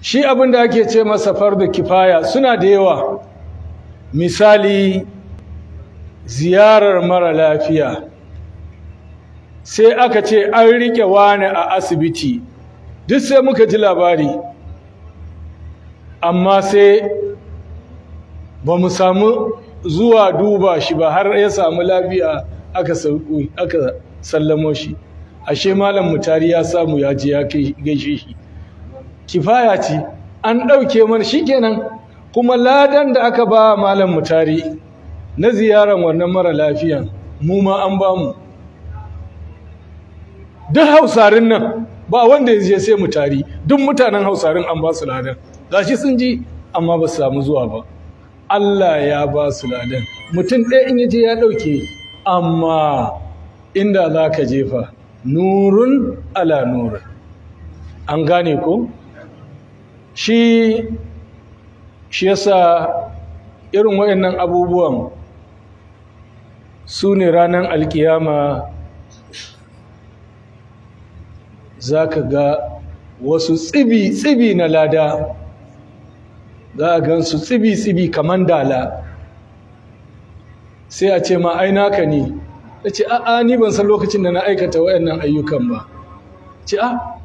shi abin da ake ce masa fardu kifaya suna da yawa misali ziyarar mara lafiya sai aka ce an rike wani a asibiti duk sai muka ji labari amma sai ba mu samu zuwa duba shi ba har ya samu lafiya aka sallamo shi ashe malam mutari ya samu ya je ya gaishe shi kifaya ce an ɗauke mana shikenan kuma ladan da aka ba malam mutari na ziyaran wannan mara lafiyan mu ma an ba mu duk hausarin nan ba wanda ya je sai mutari duk mutanen hausarin an ba su ladan gashi sun ji amma ba su samu zuwa ba Allah ya ba su ladan mutum ɗaya in yaje ya ɗauke amma inda za ka jefa nurun ala nurun an gane ko shi shi yasa irin waɗannan abubuwan su ne ranar alkiyama za ka ga wasu tsibi-tsibi na lada za a gan su tsibi-tsibi kamar dala sai a ce ma ai naka ne ta ce a'a ni ban san lokacin da na aikata waɗannan ayyukan ba ce a ah,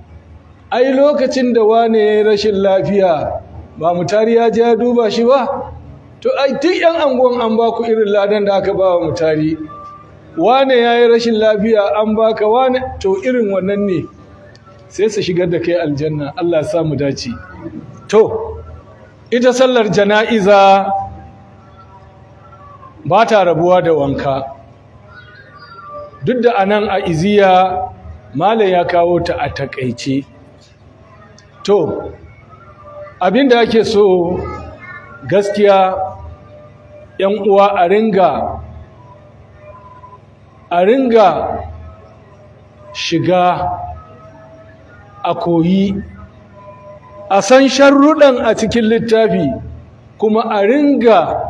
ai lokacin da wane ya rashin lafiya ba mutari ya je ya duba shi ba to ai duk yan anguwan an ba ku irin ladan da aka ba wa mutari wane ya yi rashin lafiya an baka wane to irin wannan ne sai su shigar da kai aljanna Allah ya sa mu dace to ita sallar jana'iza ba ta rabuwa da wanka duk da anan a iziya malam ya kawo ta a takaice to abinda ake so gaskiya yan uwa a ringa a ringa shiga a koyi a san sharruɗan a cikin littafi kuma a ringa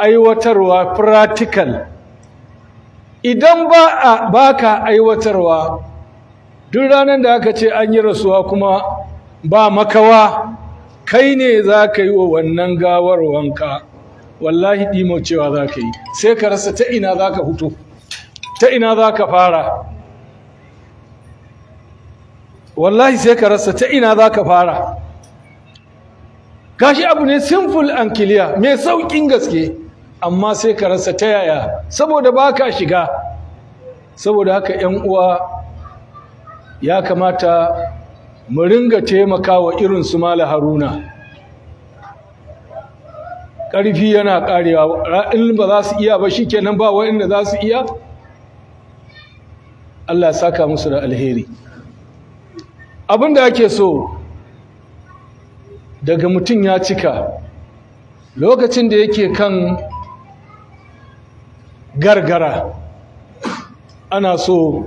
aiwatarwa practical idan ba a baka aiwatarwa duk ranar da aka ce an yi rasuwa kuma ba makawa kai ne za ka yi wa wannan gawar wanka wallahi ɗimo cewa za ka yi sai ka rasa ta ina za ka hutu ta ina za ka fara wallahi sai ka rasa ta ina za ka fara gashi abu ne simple and clear mai sauƙin gaske amma sai ka rasa ta yaya saboda ba ka shiga saboda haka 'yan uwa ya kamata mu ringa taimakawa irin su mala haruna ƙarfi yana ƙarewa Ra'in ba za su iya ba shi kenan ba waɗanda za su iya Allah saka musu da alheri abin da ake so daga mutum ya cika lokacin da yake kan gargara ana so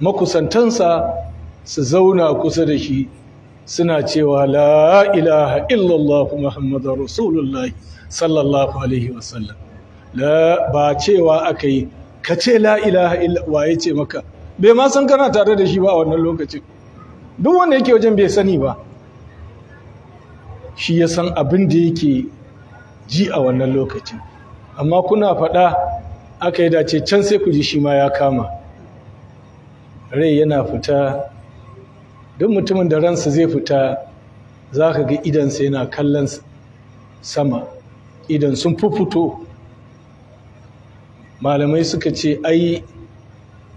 makusantansa su zauna kusa da shi suna cewa la ilaha illallah muhammadu rasulullahi sallallahu alaihi wasallam ba cewa aka yi ka ce la ilaha illallah Waye ce maka bai ma san kana tare da shi ba a wannan lokacin duk wanda yake wajen bai sani ba shi ya san abin da yake ji a wannan lokacin amma kuna faɗa aka yi dace can sai ku ji shi ma ya kama rai yana fita duk mutumin da ransa zai fita za ka ga idansa yana kallon sama idan sun fito malamai suka ce ai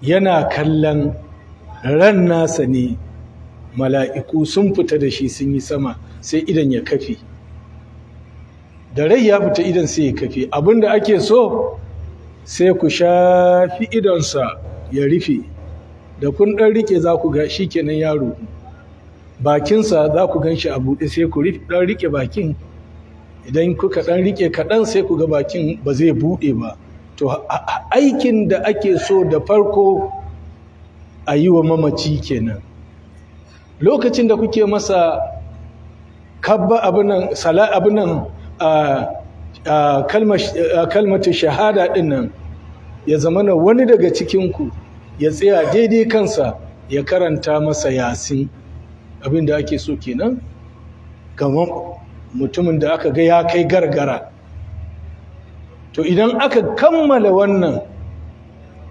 yana kallon ran nasa ne mala'iku sun fita da shi sun yi sama sai idan ya kafi da rai ya fita idan sai ya kafi abinda ake so sai ku shafi idonsa ya rufe da kun ɗan rike za ku ga shi kenan yaro bakinsa za ku gan a buɗe sai ku ɗan rike bakin idan kuka ɗan rike kaɗan sai ku ga bakin ba zai buɗe ba to aikin da ake so da farko a yi wa mamaci kenan lokacin da kuke masa kabba abinan sala abinan kalmata shahada ɗin nan ya zamana wani daga cikinku ya tsaya daidai kansa ya karanta masa yasin abin da ake so kenan gama mutumin da aka ga ya kai gargara to idan aka kammala wannan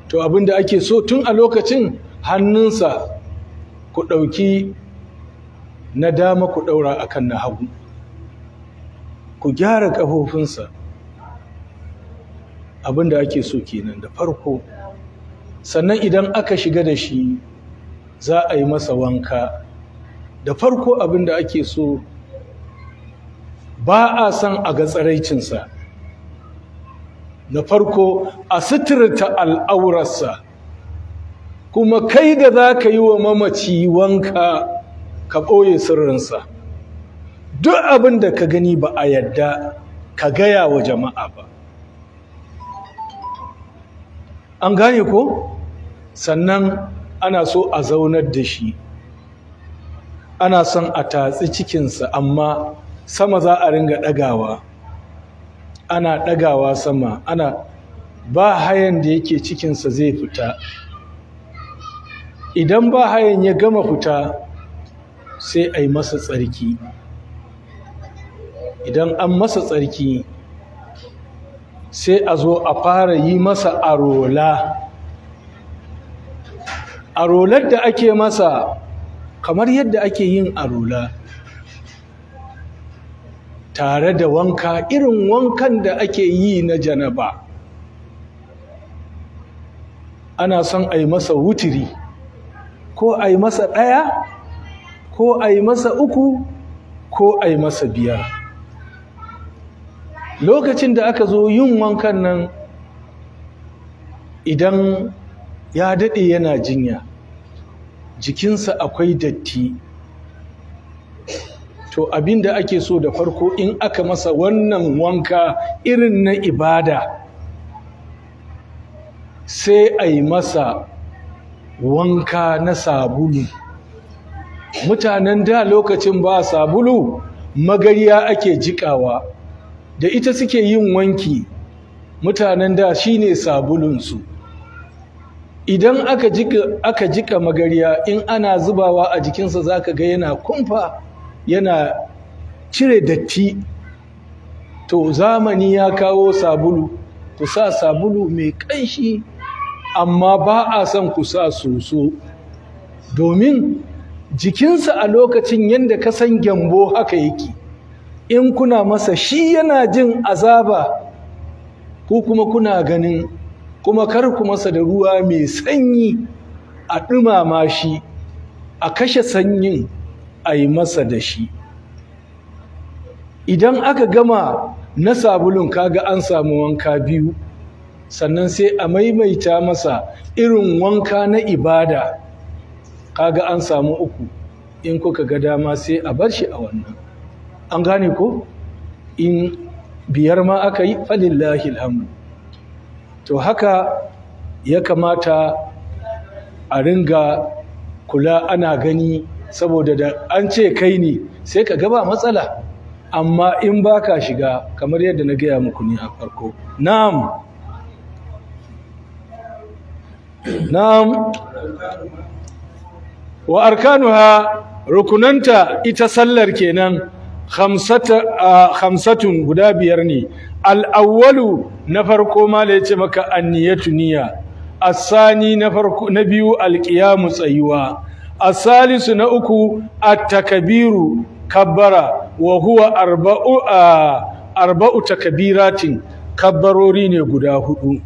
to abin da ake so tun a lokacin hannunsa ku ɗauki na dama ku ɗaura a kan na hagu ku gyara ƙafofinsa abin da ake so kenan da farko sannan idan aka shiga da shi za a yi masa wanka da farko abin da ake so ba a son a ga tsaraicinsa na farko a suturta al'aurarsa kuma kai da za ka yi wa mamaci wanka ka ɓoye sirrinsa duk abin da ka gani ba a yadda ka gaya wa jama'a ba an gane ko? sannan ana so a zaunar da shi ana son a tatsi cikinsa amma sama za a ringa ɗagawa ana ɗagawa sama ana ba hayan da yake cikinsa zai fita idan ba hayan ya gama fita sai a yi masa tsarki idan an masa tsarki sai a zo a fara yi masa arola arolar da ake masa kamar yadda ake yin arola tare da wanka irin wankan da ake yi na janaba ana son a yi masa wutiri ko a yi masa ɗaya ko a yi masa uku ko a yi masa biyar lokacin da aka zo yin wankan nan idan ya daɗe yana jinya jikinsa akwai datti to abin da ake so da farko in aka masa wannan wanka irin na ibada sai a yi masa wanka na sabulu mutanen da lokacin ba sabulu magariya ake jikawa da ita suke yin wanki mutanen da shine sabulunsu idan aka jika aka jika magariya in ana zubawa a jikinsa zaka ga yana kumfa yana cire datti to zamani ya kawo sabulu to sa sabulu mai ƙanshi amma ba a son ku sa soso domin jikinsa a lokacin yanda ka san gyambo haka yake in kuna masa shi yana jin azaba ko kuma kuna ganin kuma kar ku masa da ruwa mai sanyi a ɗumama shi a kashe sanyin a yi masa da shi idan aka gama na sabulun kaga an samu wanka biyu sannan sai a maimaita masa irin wanka na ibada kaga an samu uku in kuka ga dama sai a bar shi a wannan an gane ko in biyar ma aka yi falillahi alhamdulillah to haka ya kamata a ringa kula ana gani saboda da an ce kai ne sai ka gaba matsala amma in ba ka shiga kamar yadda na gaya muku ne a farko na'am na'am wa arkanuha rukunanta ita sallar kenan ah, khamsatun guda biyar ne al'awwalu na farko ma da ya ce maka anniyatu niyya asani na na biyu alƙiyamu tsayuwa Salisu na uku a takabiru kabbara wa huwa arba'u arba'u kabbarori ne guda hudu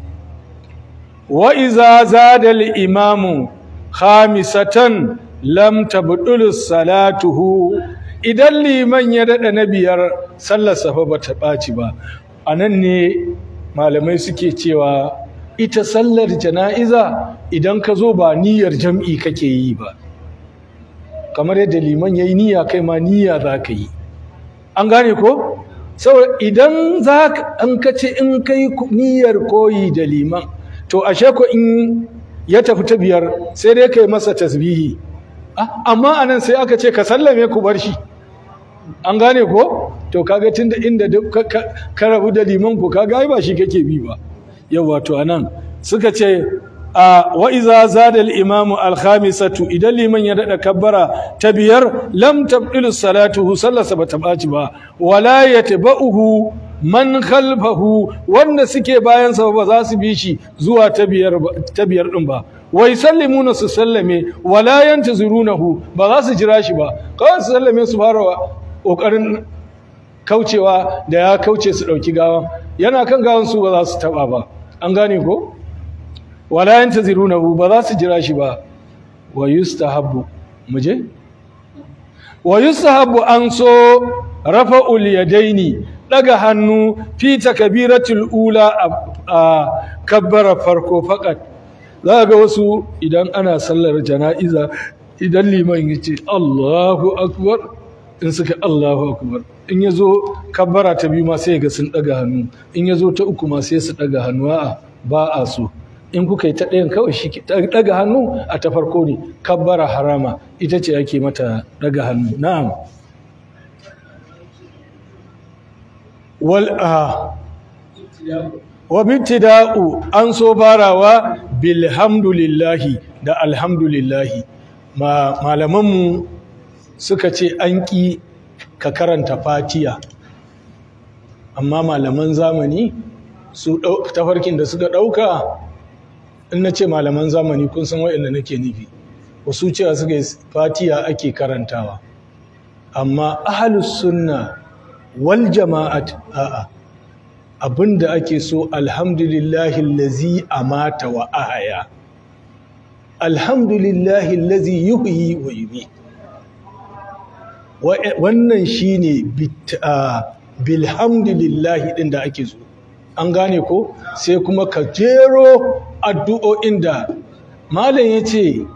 wa iza zada imamu khamisatan lam tabdulu salatuhu idan liman ya dada na biyar sallar safa bata ɓaci ba a nan ne malamai suke cewa ita sallar jana'iza idan ka zo ba niyyar jam'i kake yi ba kamar yadda liman ya yi niyya kai ma niyya za ka yi an gane ko Sau idan za an kace in kai niyyar koyi da liman to ashe ko in ya tafi ta biyar sai dai kai masa tasbihi ah, amma anan sai aka ce ka sallame ku bar shi an gane ko to kaga tunda inda ka rabu da liman ku kaga ai ba shi kake bi ba yawa to anan suka ce a wa iza zada al-imamu al-khamisatu idan liman ya dada kabbara ta biyar lam tabdilu salatuhu sallasa bata baci ba wala yatba'uhu man khalfahu wanda suke bayan sa ba za su bi shi zuwa ta biyar ta biyar din ba wai sallimuna su sallame wala yantazirunahu ba za su jira shi ba kawai su sallame su fara kokarin kaucewa da ya kauce su ɗauki gawan yana kan gawan su ba za su taɓa ba an gane ko wala yantazirunahu ba za su jira shi ba wa yustahabbu muje wa yustahabbu an so rafa'ul yadaini daga hannu fi takbiratul ula a kabbara farko fakat za ga wasu idan ana sallar jana'iza idan liman yace Allahu akbar in suka Allahu akbar in ya zo kabbara ta biyu ma sai ga sun daga hannu in ya zo ta uku ma sai su hannu a ba a so in kuka yi ta ɗayan kawai shi daga hannu a ta farko ne kabbara harama ita ce ake mata daga hannu na'am wal a wa an so farawa bilhamdulillahi da alhamdulillahi malamanmu suka ce an ƙi ka karanta fatiya amma malaman zamani su tafarkin da suka ɗauka in na ce malaman zamani kun san waɗanda nake nufi wasu cewa suka yi fatiya ake karantawa amma ahalus sunna wal jama'at a'a Abin abinda ake so alhamdulillahi lazi mata wa ahaya alhamdulillahi lazi yuhyi wa yumi wannan shi ne bilhamdulillahi ɗin da ake zo an gane ko sai kuma ka jero addu'o'in da malam ya ce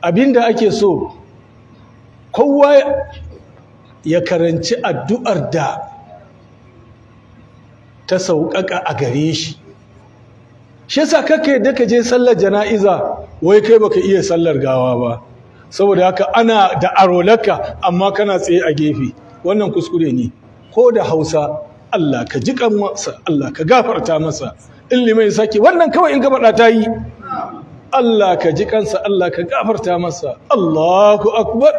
abinda ake so kowa ya karanci addu'ar da ta sauƙaƙa a gare shi shi yasa kake da ka je sallar jana'iza wai kai baka iya sallar gawa ba saboda haka ana da arolaka amma kana tsaye a gefe wannan kuskure ne ko da hausa Allah ka ji masa Allah ka gafarta masa In limai sake wannan kawai in gaba ta yi Allah ka ji kansa Allah ka gafarta masa Allahu akbar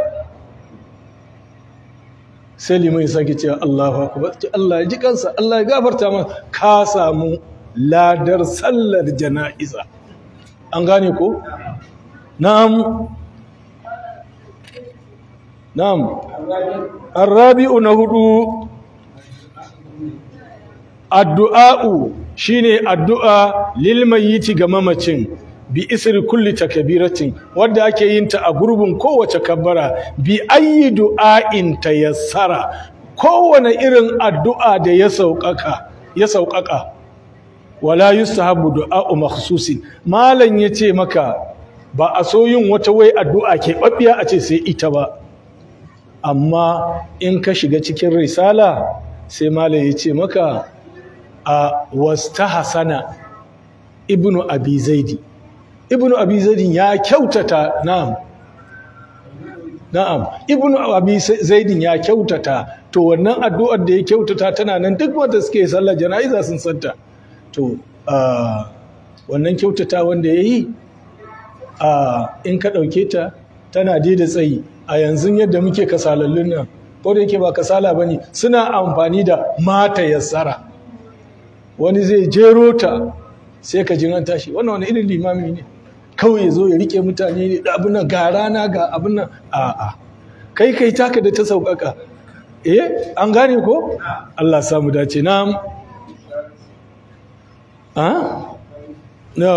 sai limai sake cewa Allahu akbar Allah ya ji kansa Allah ya gafarta masa ka samu ladar sallar jana'iza an gane ko na'am na'am arrabi'u na hudu addu'a'u shine addu'a lil ga mamacin bi isri kulli takbiratin wadda ake yin ta a gurbin kowace kabbara bi ayyi du'a'in tayassara kowane irin addu'a da ya sauƙaƙa ya sauƙaƙa wala yustahabu du'a'u makhsusin malan yace maka ba a so yin wata wai addu'a ke babbiya a ce sai ita ba amma in ka shiga cikin risala sai malam ya ce maka a wasta hasana ibnu abi zaidi ibnu abi zaidi ya kyautata na'am na'am ibnu abi zaidi ya kyautata to wannan addu'ar da ya kyautata tana nan duk wanda suke sallar jana'iza sun santa to wannan kyautata wanda ya yi in ka ɗauke ta tana da tsayi a yanzu yadda muke kasalallun nan ko da yake ba kasala bane suna amfani da mata yassara wani zai jero ta sai ka jin an tashi wannan wani irin limami ne kawai ya zo ya rike mutane ne da abin nan ga rana ga abin nan a'a kai kai taka da ta sauƙaƙa eh an gane ko Allah samu dace na ah? na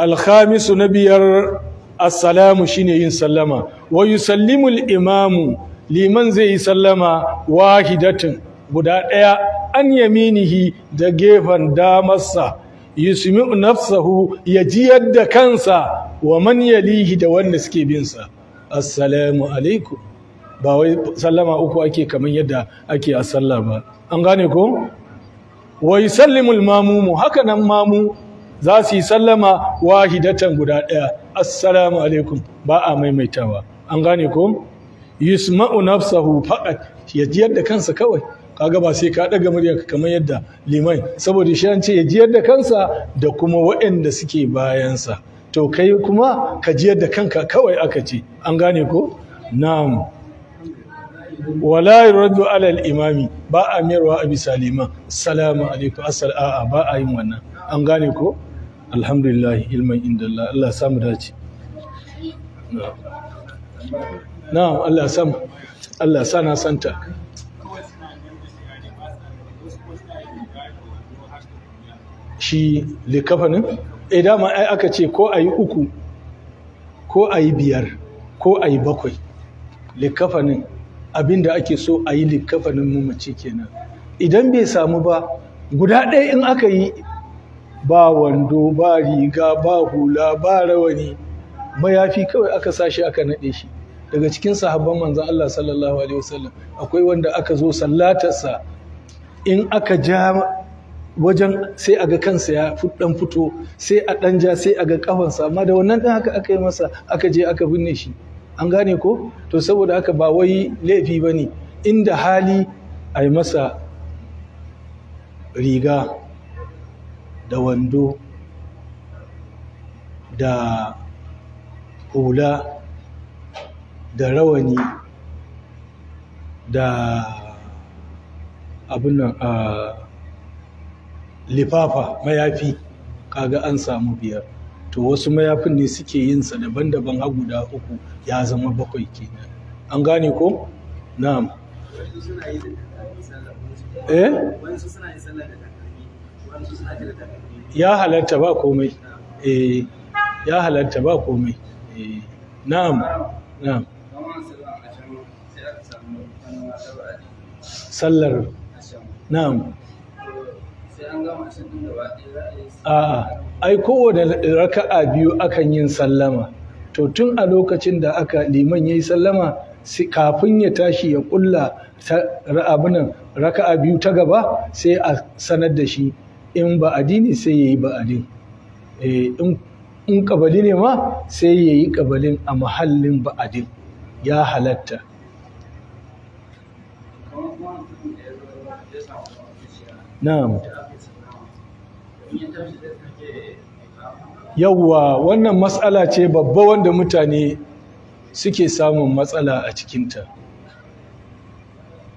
alkhamisu na biyar assalamu shine yin sallama wa yusallimul imamu liman zai yi sallama wahidatin guda ɗaya an yaminihi da gefen damarsa yusmi'u nafsahu ya jiyar da kansa wa man yalihi da wanda suke sa. assalamu alaikum ba wai sallama uku ake kaman yadda ake a sallah ba an gane ko wa yusallimul mamumu haka nan mamu za su yi sallama wahidatan guda ɗaya assalamu alaikum ba a maimaitawa an gane ko yusma'u nafsahu faqat ya ji yadda kansa kawai kaga ba sai ka daga murya kamar yadda liman saboda shi an ce ya ji yadda kansa da kuma waɗanda suke bayansa to kai kuma ka ji yadda kanka kawai aka ce an gane ko na'am wala yuraddu alal imami ba a mayarwa a bisa liman assalamu alaikum assala'a ba a yin wannan an gane ko alhamdulillah ilman inda Allah Allah samu dace na'am Allah samu Allah sana santa shi likafanin eh dama ai aka ce ko ayi uku ko ayi biyar ko ayi bakwai likafanin abinda ake so ayi likafanin mace kenan idan bai samu ba guda ɗaya in aka yi ba wando ba riga ba hula ba rawani mayafi kawai aka sashi aka naɗe shi daga cikin sahabban manzan Allah sallallahu alaihi wasallam akwai wanda aka zo sallatarsa in aka ja wajen sai aga kansa ya dan fito sai a dan ja sai aga kafansa amma da wannan dan haka aka yi masa aka je aka binne shi an gane ko to saboda haka ba wai laifi bane inda hali a masa riga da wando da hula da rawani da abin a lifafa mayafi kaga an samu biyar to wasu mayafin ne suke yin sa daban-daban har guda uku ya zama bakwai kenan an gane ko na'am eh suna yin sallah da ya halatta ba komai eh ya halatta ba komai eh na'am na'am sallar na'am a'a ai kowane raka'a biyu akan yin sallama to tun a lokacin da aka liman yayi sallama kafin ya tashi ya kulla abinan raka'a biyu ta gaba sai a sanar da shi in ba'adi ne eh, sai ya yi ba'adin in ƙabali ne ma sai ya yi ƙabalin a mahallin ba'adin ya halatta na'am yawwa wannan matsala ce babba wanda mutane suke samun matsala a cikinta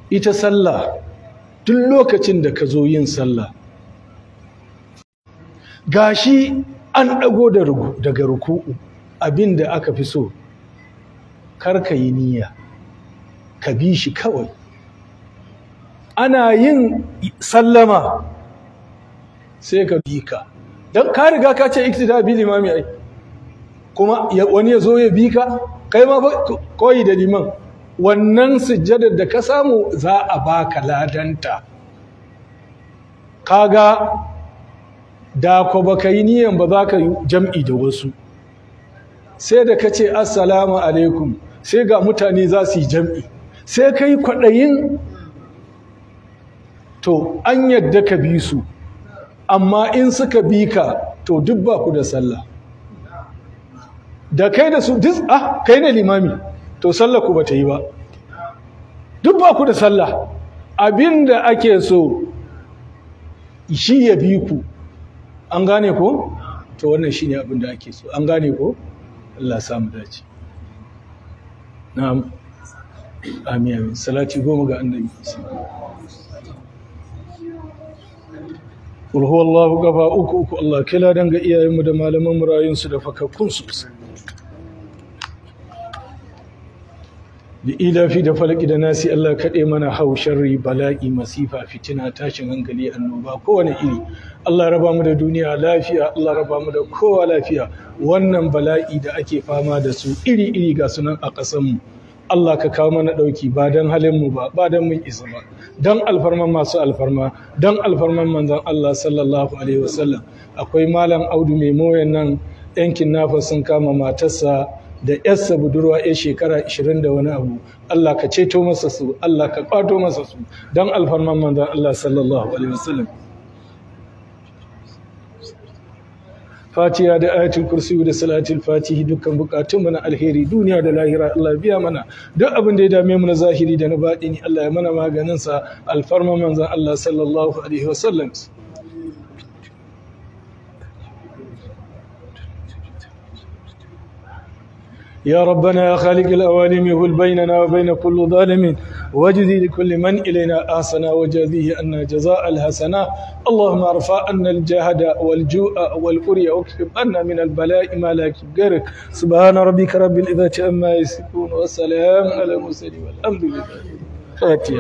ita sallah duk lokacin da ka zo yin sallah gashi an ɗago daga ruku'u abin da aka fi so kar yi niyya ka bi shi kawai ana yin sallama sai ka bi ka don ka riga ka ce iktida bi limami ai kuma wani ya zo ya bi ka kai ma koyi da liman wannan sujjadar da ka samu za a baka ladanta kaga da ko baka yi niyan ba za ka yi jam'i da wasu sai da ka ce assalamu alaikum sai ga mutane za su yi jam'i sai ka yi kwaɗayin to an yadda ka bi su amma in suka bi ka to dubba ku da sallah da kai da su ah kai ne limami to sallah ku ba ta yi ba Dubba ku da sallah abinda ake so shi ya bi ku an gane ko to wannan shine abin da ake so an gane ko Allah samu dace na'am amin salati goma ga annabi Kul huwallahu kafa uku uku Allah kila danga iyayenmu da malaman murayinsu da fakakkun su da ilafi da falaki da nasi Allah kaɗe mana hau sharri bala'i masifa fitina tashin hankali annoba kowane iri Allah raba mu da duniya lafiya Allah raba mu da kowa lafiya wannan bala'i da ake fama da su iri iri ga sunan a ƙasar mu Allah ka kawo mana ɗauki ba don halin mu ba ba don mun isa ba don alfarman masu alfarma don alfarman manzon Allah sallallahu alaihi wasallam akwai malam Audu mai moyan nan yankin nafa sun kama matarsa da yarsa budurwa ya shekara 20 da wani abu Allah ka ceto masa su Allah ka kwato masa su don alfarman manzon Allah sallallahu alaihi wasallam Fatiya da ayatul kursi da salatul fatihi dukkan bukatun na alheri duniya da lahira Allah biya mana duk abin da ya dame mu na zahiri da na baɗini Allah ya mana maganin sa alfarma manzon Allah sallallahu alaihi wasallam يا ربنا يا خالق الأوالم هل بيننا وبين كل ظالم واجزي لكل من إلينا أحسنا وجازيه أن جزاء الحسنة اللهم ارفع عنا الجهد والجوع والقري واكشف عنا من البلاء ما لا يكشف غيرك سبحان ربك رب العزة عما يصفون والسلام على المرسلين والحمد لله فاتحة